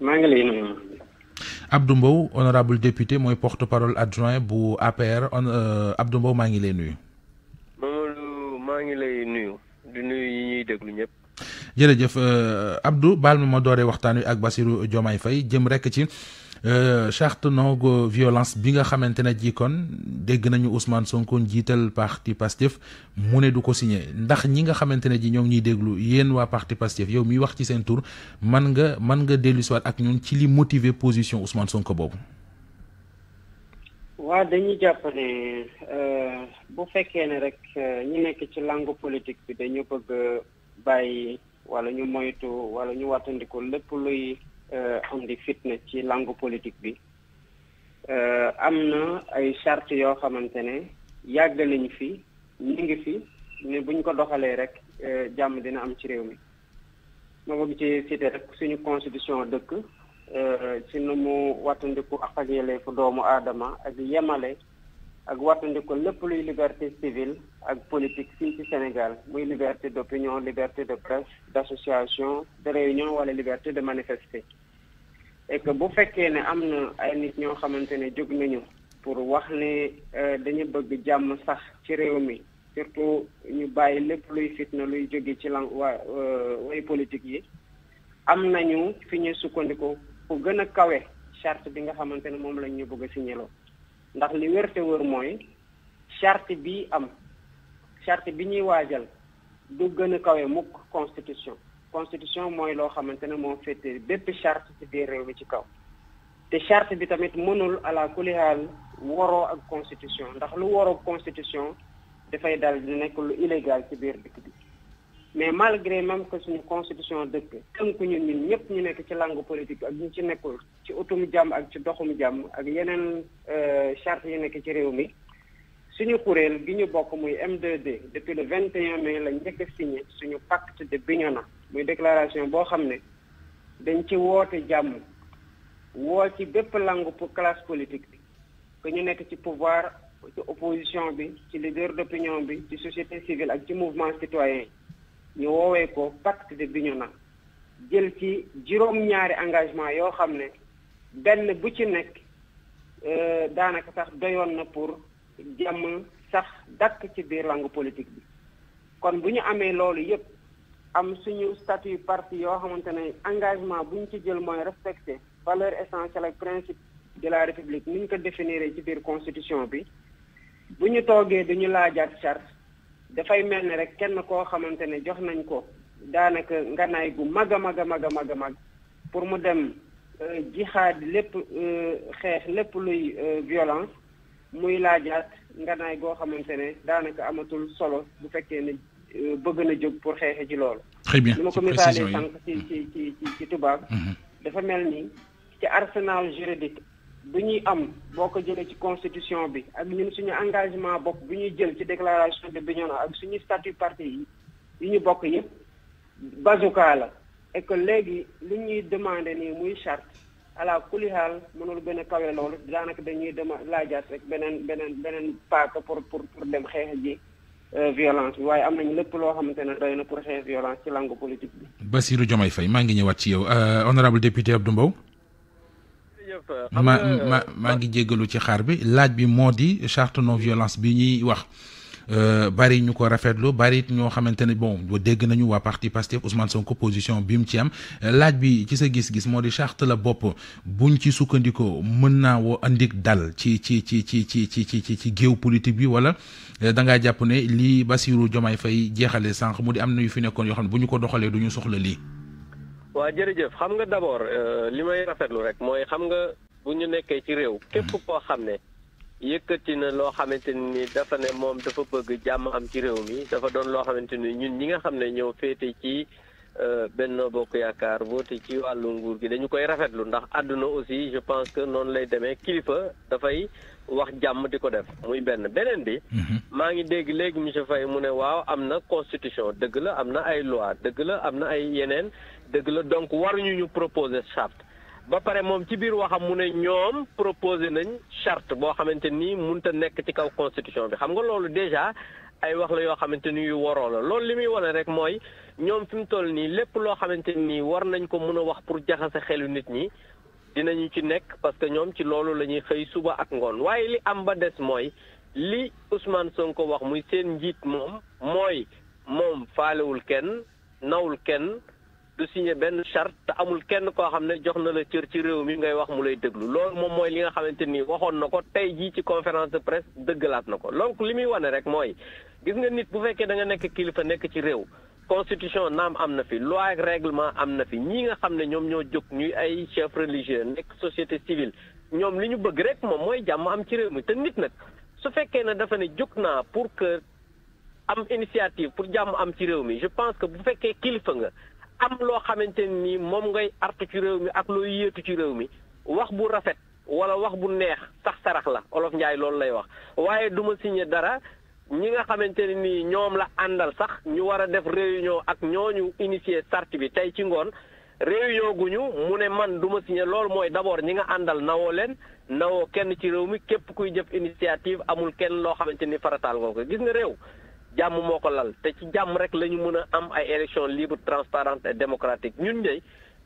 maa ngi lay Abdou Mbow honorable député mooy porte-parole adjoint bu APR euh, Abdou Mbow maa lay nuyu. Mamadou maa lay nuyu di nuyu yi ñuy déglu ñëpp. jërëjëf euh, Abdou baal ma ma waxtaan wi ak Bassirou Diomaye Faye jëm rek ci. Euh, charte non violence bi nga xamante ne ji kon dégg nañu Ousmane Sonko jiital parti Pastef mu ne du ko signé ndax ñi nga xamante ne ji ñoom ñuy déglu yéen waa parti Pastef yow miy wax ci seen tour man nga man nga dellusiwaat ak ñun ci li motiver position Ousmane Sonko boobu. waaw dañuy jàpp euh, bu fekkee ne rek euh, ñi nekk ci langue politique bi dañu bëgg bàyyi wala ñu moytu wala ñu wattandiku lépp luy. Euh, andi fitna ci langue politique bi euh, am na ay charte yoo xamante ne yàgg lañu fi ñu ngi fi ne buñ ko doxalee rek euh, jàmm dina am ci réew mi ma bëgg ci cité rek suñu constitution dëkk ci nu mu wattandiku ak ak doomu aadama ak yemale ak wattandiku lépp luy liberté civile ak politique fii ci Sénégal muy liberté d'opinion liberté de presse d'association de réunion wala liberté de manifester et que bu fekkee ne am na ay nit ñoo xamante ne jóg nañu pour wax ne euh, dañu bëgg jàmm sax ci réew mi surtout ñu bàyyi lépp luy fitna luy jóge ci lan wa euh, way politique yi am nañu fi ñu sukkandiko ku gën a kawe charte bi nga xamante ne moom lañ ñu bëgg a signaloo ndax li wér te mooy charte bi am charte bi ñuy waajal du gën a kawe mukk constitution constitution mooy loo xamante ne moo féete bépp charte ci biir réew mi ci kaw te charte bi tamit mënul ala kulihal waroo ak constitution ndax lu waroo constitution dafay dal di nekk lu illégal ci biir dëkk bi mais malgré même que suñu constitution dëkk tënkuñu ñun ñëpp ñu nekk ci langue politique ak ñu ci nekkul ci utum jàmm ak ci doxum jàmm ak yeneen euh, charte yu nekk ci réew mi suñu kuréel bi ñu bokk muy M2D depuis le 21 mai la njëkk signé suñu pacte de Bignona muy déclaration boo xam ne dañ ci woote jàmm woo ci bépp langue pour classe politique bi que ñu nekk ci pouvoir ci opposition bi ci leader d'opinion bi ci société civile ak ci mouvement citoyen ñu woowee ko pacte de Bignona jël ci juróom-ñaari engagement yoo xam ne benn bu ci nekk euh, daanaka sax doyoon na pour jàmm sax dakk ci biir langue politique bi kon bu ñu amee loolu yépp am suñu statut parti yoo xamante ne engagement buñ ci jël mooy respecter valeur essentielle ak principe de la république ni ko définir ci biir constitution bi bu ñu toogee duñu laajaat chart dafay mel ni rek kenn koo xamante ne jox nañ ko daanaka nganaay gu mag a mag a mag a mag a mag pour mu dem euh, jixaat lépp euh, xeex lépp luy euh, violence muy laajaat nganaay goo xamante ne daanaka amatul solo bu fekkee ne bëgg na jóg pour xeexe ci loolu très ma ko misaalee sànq ci ci ci ci tubaab mm-hmm. dafa mel ni ci arsenal juridique bi ñuy am boo ko jëlee ci constitution bi ak ñun suñu engagement bopp bi ñuy jël ci déclaration de Bignona ak suñu statut parti yi yi ñu bokk yëpp bazuka la et que léegi li ñuy demandé nii muy charte ala kulihal mënul gën a kawe loolu daanaka dañuy dema laajaat rek beneen beneen beneen paaka pour pour pour dem xeex ji euh, violence bi waaye am nañu lépp loo xamante ne doy na pour xeex violence ci langue politique bi. Bassirou Diomaye fay maa ngi ñëwaat ci yow euh, honorable député Abdou Mbow Euh, ma euh, ma maa ngi jéggalu ci xaar bi laaj bi moo di charte non violence bi ñuy wax euh, bari ñu ko rafetlu barit ñoo xamante ne bon dégg nañu waa parti Pastef Ousmane ko position bi mu ci am laaj bi ci sa gis-gis moo di charte la bopp buñ ci sukkandikoo mën naa woo indik dal ci ci ci ci ci ci ci ci ci géew politique bi wala da jàpp ne lii Bassirou Diomaye Faye jeexale sànq mu di am na yu fi nekkoon yoo xam ne bu ñu ko doxalee du ñu soxla lii. waa jërëjëf xam nga d'abord euh, li may rafetlu rek mooy xam nga bu ñu nekkee ci réew képp mhm. koo xam ne yëkkati na loo xamante ni dafa ne moom dafa bëgg jàmm am ci réew mi dafa doon loo xamante ni ñun ñi nga xam ne ñoo féete ci Euh, benn Bokk Yaakaar te ci wàllu nguur gi dañu koy rafetlu ndax àdduna aussi je pense que noonu lay demee kilifa dafay wax jàmm di ko def muy benn beneen bi. Mhm. maa ngi dégg léegi monsieur Faye mu ne waaw am na constitution dëgg la am na ay loi dëgg la am na ay yeneen dëgg la donc waruñu ñu proposer charte. ba pare moom ci biir waxam mu ne ñoom proposé nañ charte boo xamante nii mënut nekk ci kaw constitution bi xam nga loolu déjà ay wax la yoo xamante ni yu waroo la loolu li muy wane rek mooy ñoom fi mu toll nii lépp loo xamante nii war nañ ko mën a wax pour jaxase xelu nit ñi dinañu ci nekk parce que ñoom ci loolu la ñuy xëy suba ak ngoon waaye li am ba des mooy li Ousmane ko wax muy seen njiit moom mooy moom faalewul kenn nawul kenn. du signé benn charte te amul kenn koo xam ne jox na la cër ci réew mi ngay wax mu lay déglu loolu moom mooy li nga xamante nii waxoon na ko tey jii ci conférence de presse dëggalaat na ko donc li muy wane rek mooy gis nga nit bu fekkee da nga nekk kilifa nekk ci réew constitution naam am na fi loi ak règlement am na fi ñii nga xam ne ñoom ñoo jóg ñuy ay chef religieux nekk société civile ñoom li ñu bëgg rek moom mooy jàmm am ci réew mi te nit nag su fekkee ne dafa ne jóg naa pour que am initiative pour jàmm am ci réew mi je pense que bu fekkee kilifa nga am loo xamante ni moom ngay artu ci réew mi ak loo yéetu ci réew mi wax bu rafet wala wax bu neex sax sarax la olof njaay loolu lay wax waaye du ma signé dara ñi nga xamante ne nii ñoom la àndal sax ñu war a def réunion ak ñooñu initié charte bi tey ci ngoon réunion guñu mu ne man du ma loolu mooy d'abord ñi nga àndal nawoo leen nawoo kenn ci réew mi képp kuy jëf initiative amul kenn loo xamante ni farataal nga ko gis nga réew jàmm moo ko lal te ci jàmm rek la ñu mën a am ay élections libres transparentes et démocratiques ñun ñëy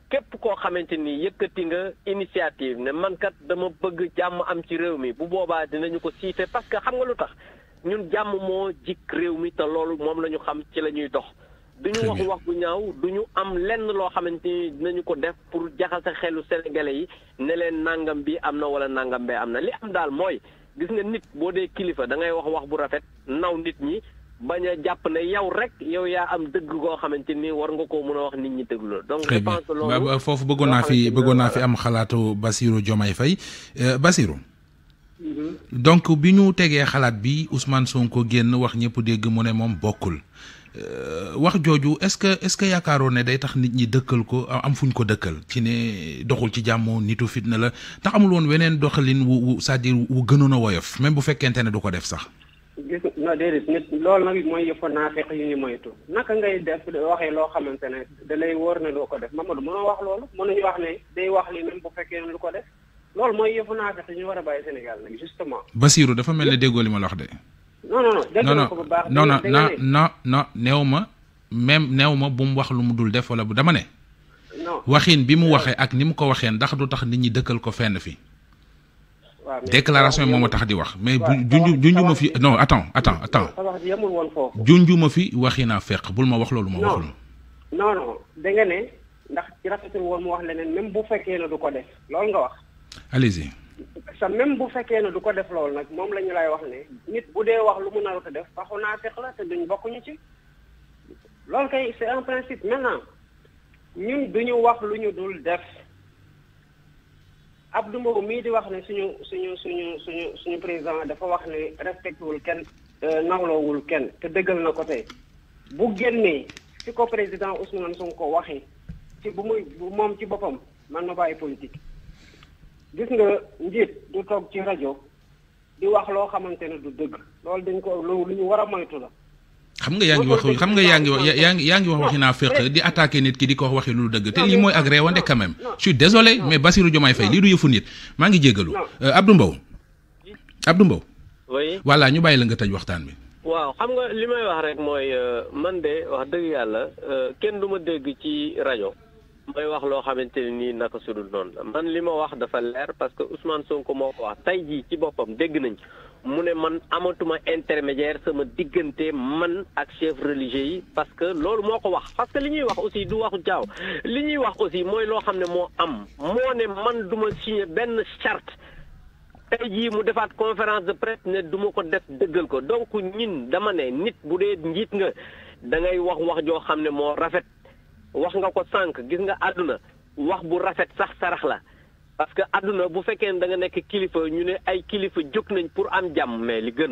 képp koo xamante ni yëkkati nga initiative ne man kat dama bëgg jàmm am ci réew mi bu boobaa dinañu ko siite parce que xam nga lu tax ñun jàmm moo jik réew mi te loolu moom la ñu xam ci la ñuy dox. duñu wax wax bu ñaaw du ñu am lenn loo xamante ni dinañu ko def pour jaxase xelu sénégalais yi ne leen nangam bi am na wala nangam bee am na li am daal mooy gis nga nit boo dee kilifa da ngay wax wax bu rafet naw nit ñi. bañ a jàpp ne yow rek yow yaa am dëgg goo xamante ni war nga ko mën a wax nit ñi déglu donc je pense loolu foofu bëggoon naa fi bëggoon naa fi am xalaatu Bassirou Diomaye fay euh, Bassirou mm-hmm. donc bi ñu tegee xalaat bi Ousmane Sonko génn wax ñëpp dégg mu ne moom bokkul euh, wax jooju est-ce que est-ce que yaakaaroon ne day tax nit ñi dëkkal ko am fuñ ko dëkkal ci ne doxul ci jàmmoo nitu fitna la te amul woon weneen doxalin wu cest à wu gënoon a woyof même bu fekkente ne du ko def sax lool na mooy yëpp naa fekk yu ñu moytu naka ngay def waxee loo xamante ne da lay wóor ne loo ko def Mamadou mënoo wax loolu mënuñu wax day wax li même bu fekkee lu ko def loolu mooy yëpp naa fekk war a bàyyi Sénégal nag justement. Basirou dafa mel ne déggoo li ma la wax de. non non non dégg naa ko bu baax. non ma même néew ma bu mu wax lu mu dul def wala bu dama ne. non waxin bi mu euh. waxee ak ni mu ko waxee ndax du tax nit ñi dëkkal ko fenn fi. déclaration moma tax di wax mais junju ma fi non attends attends attends junju ma fi waxina naa fekk bul ma wax lolou ma waxul non non da nga né ndax ci rafetul woon mu wax leneen même bu féké la du ko def lolou nga wax allez-y sa même bu féké ne du ko def lolou nak mom lañu lay wax né nit bu dé wax lu mu na a def waxuna naa fekk la té duñ bokkuñu ci lolou kay c'est un principe maintenant ñun duñu wax lu ñu dul def ab Abdou Mbow mii di wax ne suñu suñu suñu suñu suñu président dafa wax ne respecté wul kenn euh, nawloowul kenn te dëggal na ko tey bu génnee si ko président suñ ko waxee ci bu muy moom ci boppam man ma bàyyi politique gis nga njiit du toog ci rajo di wax loo xamante ne du dëgg loolu dañ ko loolu lu ñu war a moytu la xam nga yaa ngi wax xam nga yaa ngi wax yaa ngi yaa ngi wax waxi naa féq di attaqué nit ki di ko wax waxi lu dëgg te lii mooy ak réewande quand même je suis désolé mais Bassirou Diomaye Faye lii du yëfu nit maa ngi jéggalu euh, Abdou Mbow Abdou Mbow voilà ñu bàyyi la nga tëj waxtaan bi waaw xam nga li may wax rek mooy euh, man de wax dëgg yàlla euh, kenn du ma dégg ci rajo mooy wax loo xamante ne nii naka sudul noonu la man li ma wax dafa leer parce que Ousmane Sonko moo ko wax tey jii ci boppam dégg nañ mu ne man amatuma intermédiaire sama diggante man ak chef religieux yi parce que loolu moo ko wax parce que li ñuy wax aussi du waxu jaaw li ñuy wax aussi mooy loo xam ne moo am moo ne man duma signé benn charte tey jii mu defaat conférence de presse ne duma ko def dëggal ko donc ñin dama ne nit bu dee njiit nga da ngay wax wax joo xam ne moo rafet wax nga ko sànq gis nga àdduna wax bu rafet sax sarax la parce que àdduna bu fekkee ne danga nekk kilifa ñu ne ay kilifa jóg nañ pour am jàmm mais li gën